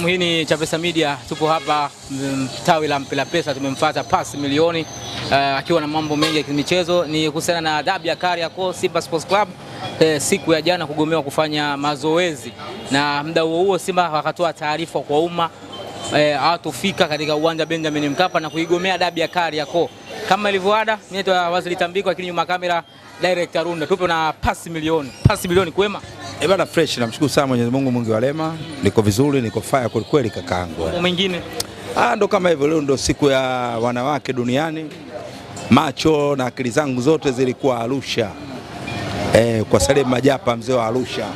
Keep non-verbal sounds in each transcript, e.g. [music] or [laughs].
Naam, hii ni Chapesa Media, tupo hapa mm, tawi la mpira pesa, tumemfuata pasi milioni uh, akiwa na mambo mengi ya kimichezo. Ni kuhusiana na adhabu ya Kariakoo Simba Sports Club uh, siku ya jana kugomewa kufanya mazoezi, na muda huo huo Simba wakatoa taarifa kwa umma eh, hawatofika katika uwanja Benjamin Mkapa na kuigomea adhabu ya Kariakoo kama ilivyo ada. Mimi ni Wazili Tambiko, lakini nyuma kamera director Runda, tupo na pasi milioni. Pasi milioni, kwema? Eh, bana fresh, namshukuru sana Mwenyezi Mungu mwingi wa rehema. Niko vizuri, niko fire kweli kweli kakaangu. Mambo mengine? Ah, ndo kama hivyo leo ndo siku ya wanawake duniani. Macho na akili zangu zote zilikuwa Arusha. Eh, kwa Salim Majapa mzee wa Arusha.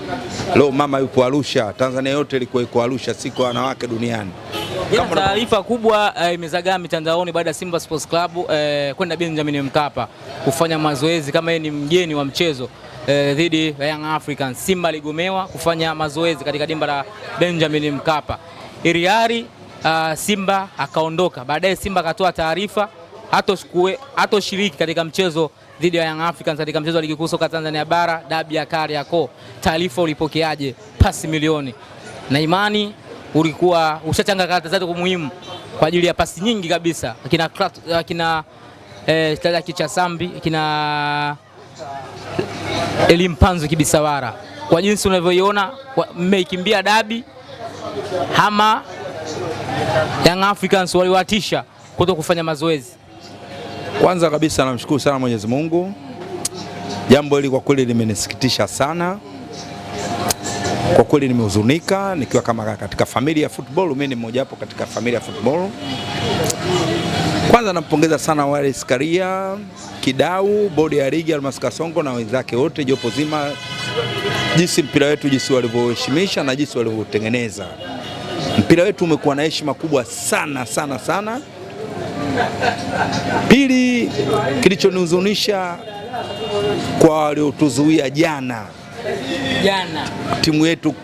Leo mama yupo Arusha, Tanzania yote ilikuwa iko Arusha siku ya wanawake duniani. Jana taarifa kubwa eh, imezagaa mitandaoni baada ya Simba Sports Club eh, kwenda Benjamin Mkapa kufanya mazoezi kama yeye ni mgeni wa mchezo eh, dhidi ya Young Africans. Simba aligomewa kufanya mazoezi katika dimba la Benjamin Mkapa iriari uh, ah, Simba akaondoka. Baadaye Simba akatoa taarifa hatoshiriki katika mchezo dhidi ya Young Africans katika mchezo wa ligi kuu soka Tanzania bara dabi ya Kariakoo. Taarifa ulipokeaje? Pasi milioni na imani ulikuwa ushachanga karata zako muhimu kwa ajili ya pasi nyingi kabisa, akina akina eh, Chasambi akina Elimpanzu Kibisawara, kwa jinsi unavyoiona mmeikimbia dabi ama Young Africans waliwatisha kuto kufanya mazoezi. Kwanza kabisa namshukuru sana Mwenyezi Mungu, jambo hili kwa kweli limenisikitisha sana, kwa kweli nimehuzunika, nikiwa kama katika familia ya football, mimi ni mmoja wapo katika familia ya football. Kwanza nampongeza sana Wallace Karia kidau, bodi ya ligi Almas Kasongo na wenzake wote, jopo zima, jinsi mpira wetu jinsi walivyoheshimisha na jinsi walivyotengeneza mpira wetu umekuwa na heshima kubwa sana sana sana. Pili, kilichonihuzunisha kwa waliotuzuia jana jana, timu yetu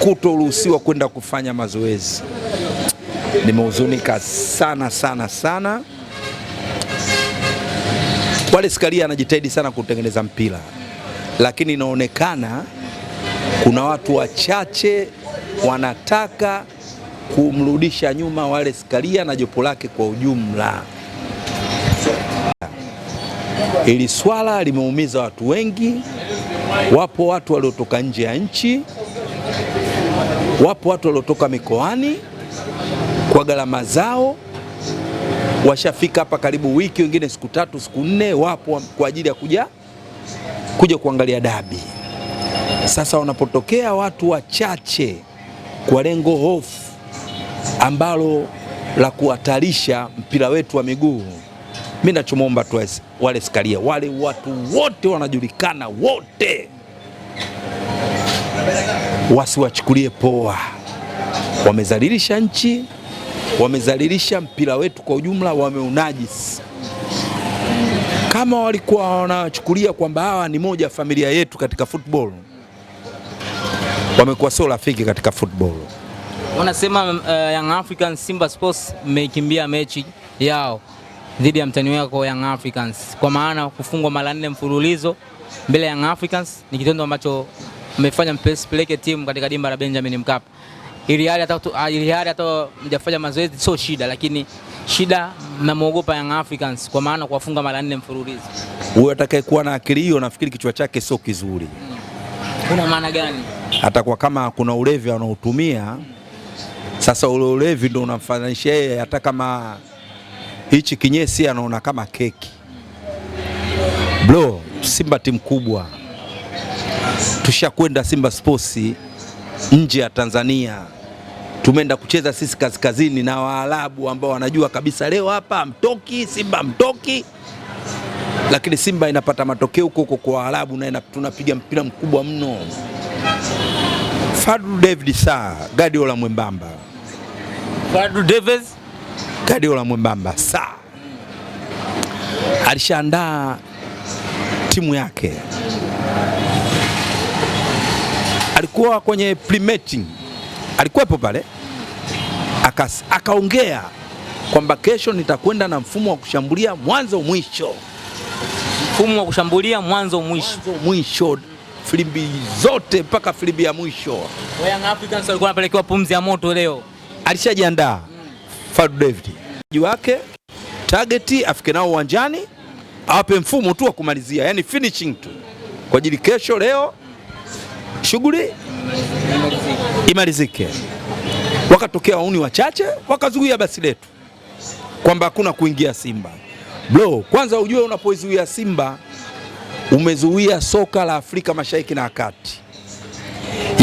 kutoruhusiwa kwenda kufanya mazoezi, nimehuzunika sana sana sana Wallace Karia anajitahidi sana kutengeneza mpira, lakini inaonekana kuna watu wachache wanataka kumrudisha nyuma Wallace Karia na jopo lake kwa ujumla. Ili swala limeumiza watu wengi. Wapo watu waliotoka nje ya nchi, wapo watu waliotoka mikoani kwa gharama zao washafika hapa karibu wiki, wengine siku tatu siku nne, wapo kwa ajili ya kuja kuja kuangalia dabi. Sasa wanapotokea watu wachache kwa lengo hofu ambalo la kuhatarisha mpira wetu wa miguu, mimi nachomwomba tu wale sikalia wale watu wote wanajulikana wote, wasiwachukulie poa, wamezalilisha nchi wamezalilisha mpira wetu kwa ujumla, wameunajisi. Kama walikuwa wanachukulia kwamba hawa ni moja familia yetu katika football, wamekuwa sio rafiki katika football. Wanasema uh, Young Africans Simba Sports mmeikimbia mechi yao dhidi ya mtani wako Young Africans, kwa maana kufungwa mara nne mfululizo mbele ya Young Africans ni kitendo ambacho mmefanya mpeleke timu katika dimba la Benjamin Mkapa ili hali hata, ah, hata mjafanya mazoezi sio shida, lakini shida namwogopa Young Africans kwa maana kuwafunga mara nne mfululizo. Huyo atakayekuwa na akili hiyo nafikiri kichwa chake sio kizuri. Kuna maana gani? Atakuwa kama kuna ulevi anaotumia Sasa ule ulevi ndio unamfananisha yeye, hata kama hichi kinyesi anaona kama keki. Bro, Simba timu kubwa, tushakwenda Simba Sports nje ya Tanzania tumeenda kucheza sisi kaskazini na Waarabu ambao wanajua kabisa leo hapa mtoki Simba mtoki, lakini Simba inapata matokeo huko huko kwa Waarabu na tunapiga mpira mkubwa mno. Fadlu David Saa, Guardiola mwembamba. Fadlu Davis Guardiola mwembamba. Saa alishaandaa timu yake, alikuwa kwenye pre-meeting, alikuwepo pale akaongea kwamba kesho nitakwenda na mfumo wa kushambulia mwanzo mwisho, mfumo wa kushambulia mwanzo mwisho, mwanzo mwisho filimbi zote mpaka filimbi ya mwisho. Young Africans walikuwa wanapelekewa pumzi ya moto leo, alishajiandaa mm. Fadu David juu wake target afike nao uwanjani awape mfumo tu wa kumalizia, yani finishing tu kwa ajili kesho. Leo shughuli imalizike wakatokea wauni wachache wakazuia basi letu kwamba hakuna kuingia Simba. Bro, kwanza ujue unapoizuia Simba umezuia soka la Afrika Mashariki na Kati.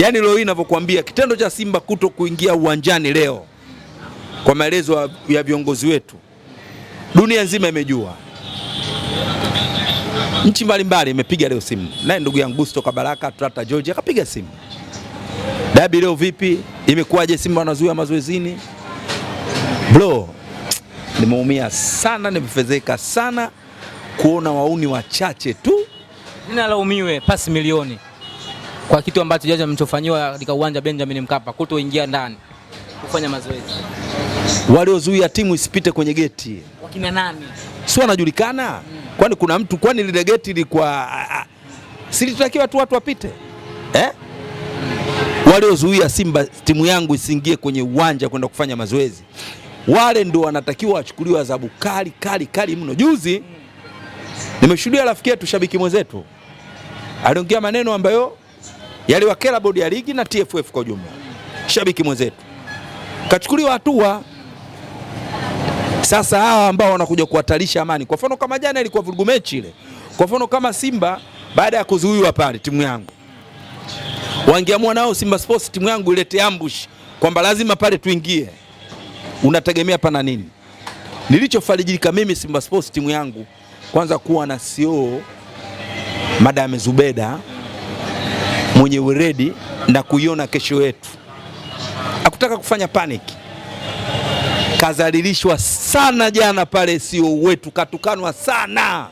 Yaani leo hii ninavyokuambia kitendo cha Simba kuto kuingia uwanjani leo, kwa maelezo ya viongozi wetu, dunia nzima imejua, nchi mbalimbali imepiga leo simu. Naye ndugu yangu Gusto Kabaraka Trata George akapiga simu Dabi leo vipi? Imekuwaje? Simba wanazuia mazoezini? Bro, nimeumia sana, nimefezeka sana kuona wauni wachache tu. Nina laumiwe pasi milioni kwa kitu ambacho jaji ametofanyiwa katika uwanja Benjamin Mkapa, kutoingia ndani kufanya mazoezi, waliozuia timu isipite kwenye geti wakina nani? Si wanajulikana mm. Kwani kuna mtu? Kwani lile geti lilikuwa, silitakiwa tu watu wapite eh? waliozuia Simba timu yangu isiingie kwenye uwanja kwenda kufanya mazoezi, wale ndio wanatakiwa wachukuliwe adhabu kali kali kali mno. Juzi nimeshuhudia rafiki yetu shabiki mwenzetu aliongea maneno ambayo yaliwakera bodi ya ligi na TFF kwa ujumla. Shabiki mwenzetu kachukuliwa hatua. Sasa hawa ambao wanakuja kuhatarisha amani, kwa mfano kama jana ilikuwa vurugu mechi ile, kwa mfano kama Simba baada ya kuzuiwa pale timu yangu Wangeamua nao Simba Sports timu yangu ilete ambush kwamba lazima pale tuingie, unategemea pana nini? Nilichofarijika mimi Simba Sports timu yangu kwanza kuwa na CEO Madame Zubeda mwenye weredi na kuiona kesho yetu, hakutaka kufanya panic. kazalilishwa sana jana pale, sio e wetu, katukanwa sana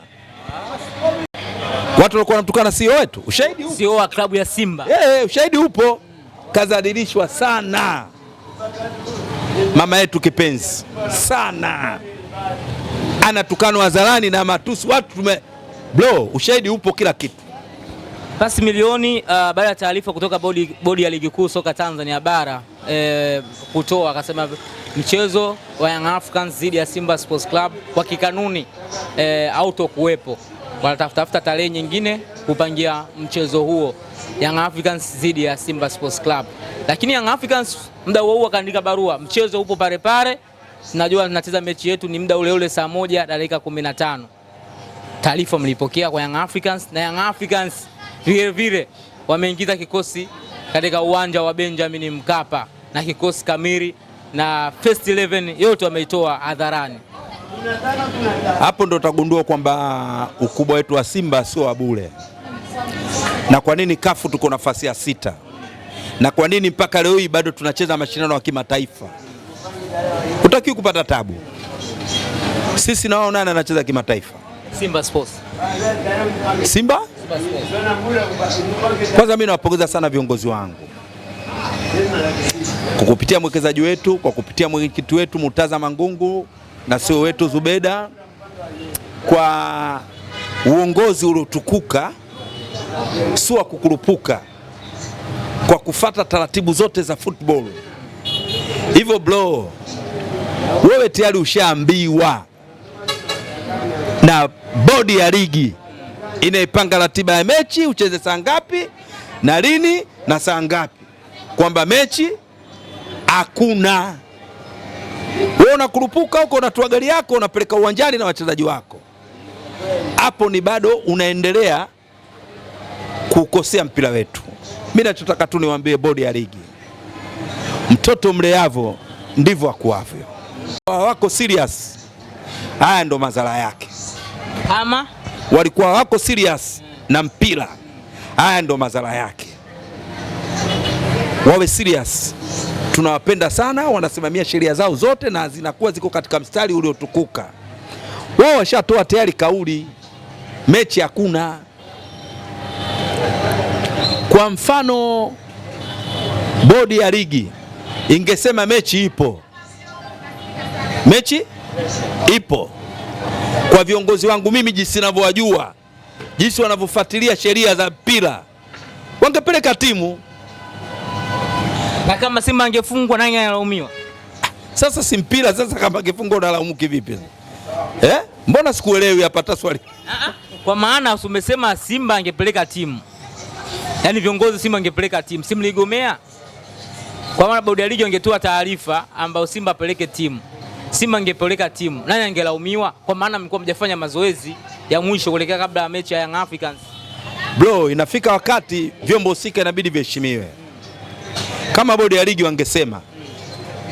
watu walikuwa wanamtukana CEO wetu, ushahidi upo. CEO wa klabu ya Simba. Eh, eh ushahidi upo, kadhalilishwa sana mama yetu kipenzi sana, anatukanwa hadharani na matusi watu tume bro, ushahidi upo, kila kitu. Pasi milioni uh, baada ya taarifa kutoka bodi, bodi ya ligi kuu soka Tanzania bara eh, kutoa akasema mchezo wa Young Africans dhidi ya Simba Sports Club kwa kikanuni eh, autokuwepo wanatafutafuta tarehe nyingine kupangia mchezo huo Young Africans dhidi ya Simba Sports Club, lakini Young Africans muda huo huo akaandika barua, mchezo upo palepale, tunajua tunacheza mechi yetu ni muda ule ule saa moja dakika 15. Taarifa mlipokea kwa Young Africans, na Young Africans vile vile wameingiza kikosi katika uwanja wa Benjamin Mkapa na kikosi kamili na first 11 yote wameitoa hadharani. Hapo ndo utagundua kwamba uh, ukubwa wetu wa Simba sio wa bure, na kwa nini kafu tuko nafasi ya sita, na kwa nini mpaka leo hii bado tunacheza mashindano ya kimataifa. Hutakiwi kupata tabu. Sisi na wao nani anacheza kimataifa? Simba Sports. Simba? Kwanza mimi nawapongeza sana viongozi wangu kwa kupitia mwekezaji wetu, kwa kupitia mwenyekiti wetu Murtaza Mangungu na sio wetu Zubeda kwa uongozi uliotukuka, sio wa kukurupuka, kwa kufata taratibu zote za football. Hivyo bro, wewe tayari ushaambiwa na bodi ya ligi inaipanga ratiba ya mechi, ucheze saa ngapi na lini na saa ngapi, kwamba mechi hakuna wewe unakurupuka huko, unatoa gari yako unapeleka uwanjani na wachezaji wako, hapo ni bado unaendelea kukosea mpira wetu. Mimi nachotaka tu niwaambie bodi ya ligi, mtoto mleavo ndivyo akuavyo. wako serious, haya ndo madhara yake. Ama walikuwa wako serious na mpira, haya ndo madhara yake. Wawe serious tunawapenda sana, wanasimamia sheria zao zote na zinakuwa ziko katika mstari uliotukuka. Wao washatoa tayari kauli, mechi hakuna. Kwa mfano, bodi ya ligi ingesema mechi ipo, mechi ipo. Kwa viongozi wangu mimi, jinsi ninavyowajua, jinsi wanavyofuatilia sheria za mpira, wangepeleka timu na kama Simba angefungwa nani analaumiwa? Sasa si mpira sasa, kama angefungwa unalaumu kivipi eh? Mbona sikuelewi hapa hata swali. Ah, ah. Kwa maana umesema Simba angepeleka timu, yaani viongozi Simba angepeleka timu, si mligomea? Kwa maana bodi ya ligi angetoa taarifa ambayo Simba apeleke timu, Simba angepeleka timu, nani angelaumiwa? Kwa maana mlikuwa mjafanya mazoezi ya mwisho kuelekea kabla ya mechi ya Young Africans. Bro, inafika wakati vyombo husika inabidi viheshimiwe. Kama bodi ya ligi wangesema,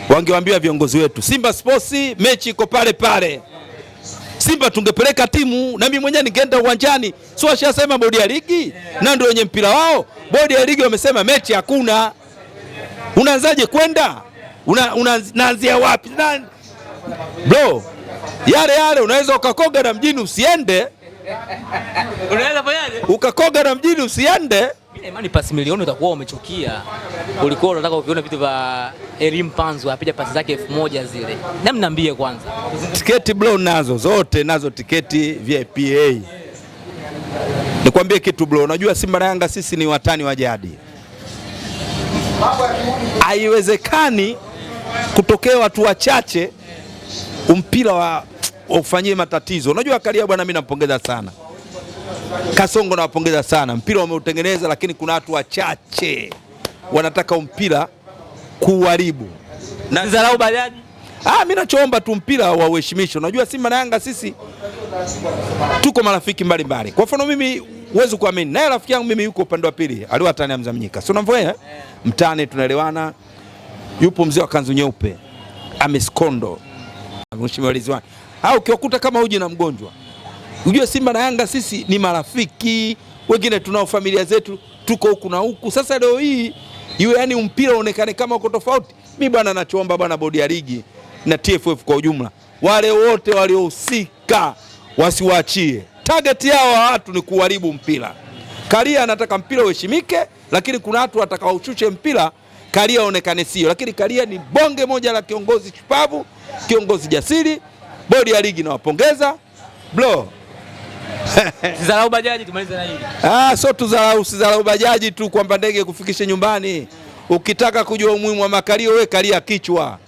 wangewaambia viongozi wetu, Simba Sports mechi iko pale pale. Simba tungepeleka timu, na mimi mwenyewe ningeenda uwanjani. Si washasema bodi ya ligi, na ndio wenye mpira wao. Bodi ya ligi wamesema mechi hakuna, unaanzaje kwenda? una, una, wapi na, bro yale yale unaweza ukakoga na mjini usiende, ukakoga na mjini usiende Imani pasi milioni utakuwa umechukia, ulikuwa unataka ukiona vitu vya elimu panzu apija pasi zake elfu moja zile. mniambie kwanza, tiketi bro, nazo zote nazo tiketi A. Nikwambie kitu bro, unajua Simba na Yanga sisi ni watani wa jadi. Haiwezekani kutokea watu wachache mpira wa ufanyie matatizo. Unajua Karia bwana, mimi nampongeza sana Kasongo nawapongeza sana, mpira wameutengeneza, lakini kuna watu wachache wanataka mpira kuharibu na dharau bajaji. Ah, mimi nachoomba tu mpira wa uheshimisho. Unajua Simba na Yanga sisi tuko marafiki mbalimbali. Kwa mfano mimi huwezi kuamini, naye rafiki yangu mimi yuko upande wa pili, aliwa tani Hamza si unamfahamu eh? eh. mtani, tunaelewana. Yupo mzee wa kanzu nyeupe, ameskondo mheshimiwa Ridhiwani, au ah, ukiwakuta kama uji na mgonjwa Ujue Simba na Yanga sisi ni marafiki, wengine tunao familia zetu, tuko huku na huku. Sasa leo hii iwe yani mpira uonekane kama uko tofauti. Mi bwana, nachoomba bwana, bodi ya ligi na TFF kwa ujumla, wale wote waliohusika wasiwaachie. Target yao watu ni kuharibu mpira. Karia anataka mpira uheshimike, lakini kuna watu watakaoshushe mpira Karia aonekane sio. Lakini Karia ni bonge moja la kiongozi shupavu, kiongozi jasiri. Bodi ya ligi nawapongeza bro. Sidharau [laughs] bajaji, tumalize na hili. Ah, sio tuzalau, sidharau bajaji tu kwamba ndege kufikishe nyumbani. Ukitaka kujua umuhimu wa makalio, we kalia kichwa.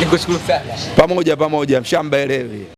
Nikushukuru sana. Pamoja pamoja, mshamba elewi.